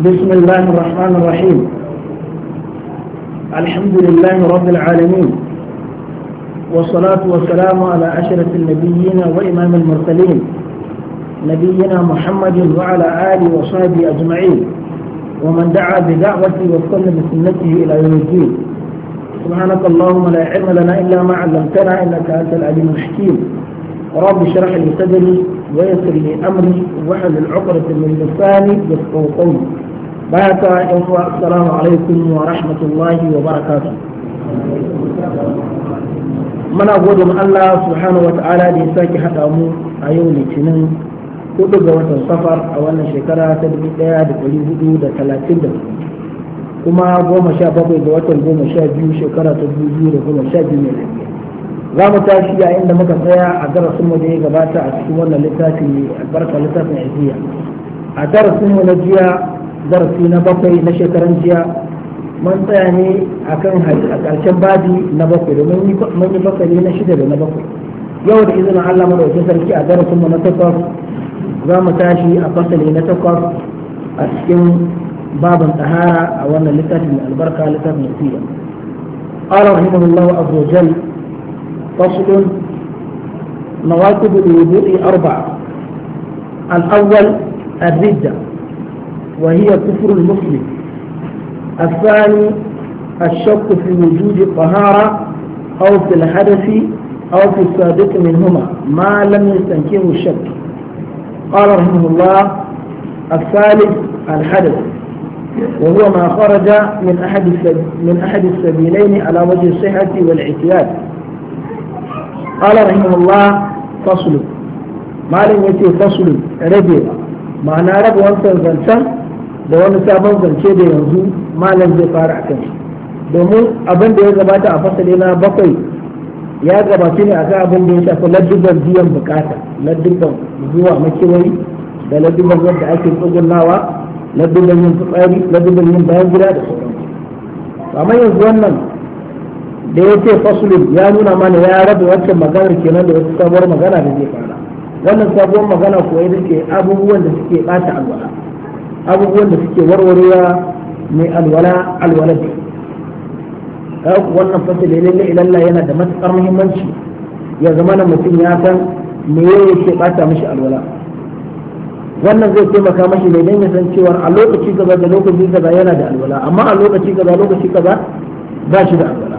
بسم الله الرحمن الرحيم الحمد لله رب العالمين والصلاة والسلام على أشرف النبيين وإمام المرسلين نبينا محمد وعلى آله وصحبه أجمعين ومن دعا بدعوته وسلم بسنته إلى يوم الدين سبحانك اللهم لا علم لنا إلا ما علمتنا إنك أنت العليم الحكيم رب اشرح لي صدري ويسر لي أمري وحل العقدة من لساني يفقهوا قولي baya ka yan uwa assalamu alaikum wa rahmatullahi wa barakatuh muna gode mu Allah subhanahu wa ta'ala da ya saki haɗa mu a yau litinin hudu ga watan safar a wannan shekara ta dubu da dari hudu da talatin da kuma goma sha watan goma sha biyu ta biyu goma sha za mu tashi a inda muka tsaya a darasin mu da ya gabata a cikin wannan littafi albarka littafin ajiya a darasin mu na jiya darasi na bakwai na shekaran jiya mun tsaya ne a kan a ƙarshen babi na bakwai domin mun yi bakwai ne na shida da na bakwai yau da izinin Allah madaukakin sarki a darasin mu na takwas za mu tashi a fasali na takwas a cikin babin tsahara a wannan littafin mai albarka littafin mai nasiya قال رحمه الله عز وجل فصل نواقض الوضوء أربعة الأول الردة وهي كفر المسلم الثاني الشك في وجود الطهارة أو في الحدث أو في الصادق منهما ما لم يستنكره الشك قال رحمه الله الثالث الحدث وهو ما خرج من أحد من أحد السبيلين على وجه الصحة والاعتياد قال رحمه الله فصل ما لم يتي فصل ربي معنى رب وانت زلتان da wani sabon zance da yanzu malam zai fara a kan domin abin da ya gabata a fasali na bakwai ya gabace ne a akan abin da ya shafi ladduban biyan bukata ladduban zuwa makiwai da ladduban wanda ake tsugunawa ladduban yin fitsari ladduban yin bayan gida da sauransu amma yanzu wannan da ya ce fasulin ya nuna mana ya rabu wancan maganar kenan da wasu sabuwar magana da zai fara wannan sabuwar magana ko ita ce abubuwan da suke bata alwala abubuwan da suke warwarewa mai alwala alwalad wannan fasali lalle ilalla yana da matukar muhimmanci ya zama na mutum ya san me yake bata mishi alwala wannan zai taimaka mashi ne dan ya san cewa a lokaci kaza da lokaci kaza yana da alwala amma a lokaci kaza lokaci kaza ba shi da alwala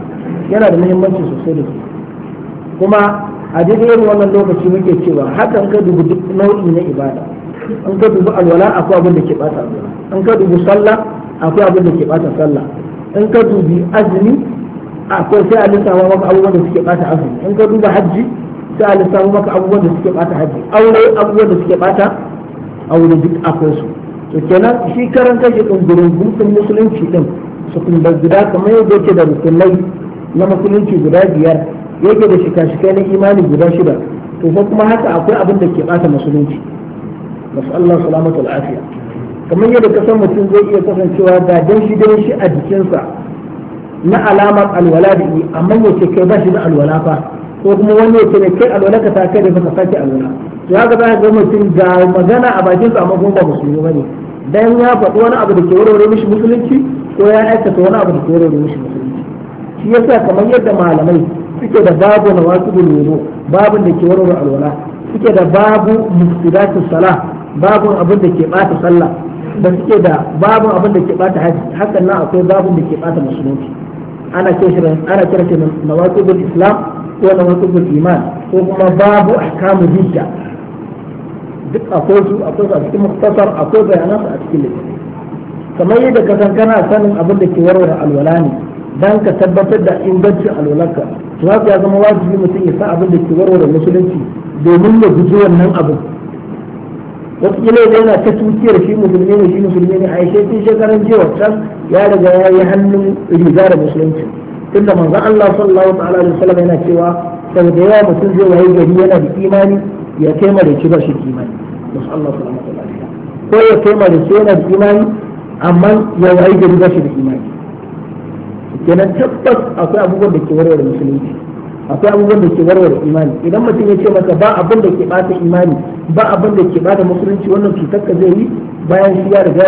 yana da muhimmanci sosai da sosai kuma a daidai wannan lokaci muke cewa hakan ka dubi duk nau'i na ibada in ka dubi alwala akwai abin da ke bata alwala in ka dubi sallah akwai abin da ke bata sallah in ka dubi azumi akwai sai a lissafa maka abubuwan da suke bata azumi in ka duba hajji sai a lissafa maka abubuwan da suke bata hajji aure abubuwan da suke bata aure duk akwai su to kenan shi karan kashe din gurin gudun musulunci din su kuma guda kamar yadda yake da rukunai na musulunci guda biyar yake da shika-shikai na imani guda shida to kuma haka akwai abin da ke bata musulunci masallan salamatu al'afiya kamar yadda kasan mutum zai iya kasancewa ga dan shi dan shi a jikinsa na alamar alwala da yi amma ce kai ba shi da alwala fa ko kuma wani ce ne kai alwala ka ta kai da baka sake alwala to haka za ka ga mutum ga magana a bakin sa amma kuma ba musulmi bane dan ya faɗi wani abu da ke warware mishi musulunci ko ya aikata wani abu da ke warware mishi musulunci shi yasa kamar yadda malamai suke da babu na wasu babu da ke warware alwala suke da babu mufsidatu salah babun abin da ke bata sallah da suke da babun abin da ke bata haji hakan nan akwai babun da ke bata musulunci ana kira ana kira shi nawaqibul islam ko wakilin iman ko kuma babu ahkamu hijja duk akwai su akwai su a cikin muktasar akwai bayanan su a cikin littafi kamar yadda ka san kana sanin abin da ke warware alwala ne dan ka tabbatar da ingancin alwalarka to haka ya zama wajibi mutum ya sa abin da ke warware musulunci domin ya guji wannan abin wataƙila ya yana ta tukiyar shi musulmi ne shi musulmi ne a yashe tun shekaran jiya wata ya riga ya yi hannun riga da musulunci tunda manzon Allah sallallahu ta'ala alaihi wasallam yana cewa sau da yawa mutum zai wayi gari yana da imani ya kai da shi ba shi imani musu Allah sallallahu ta'ala ko ya kai da shi yana da imani amma ya wayi gari ba shi da imani kenan tabbas akwai abubuwan da ke warware musulunci akwai abubuwan da ke warware imani idan mutum ya ce maka ba abin da ke bata imani ba abin da ke bada musulunci wannan cutar ka zai yi bayan shi ya riga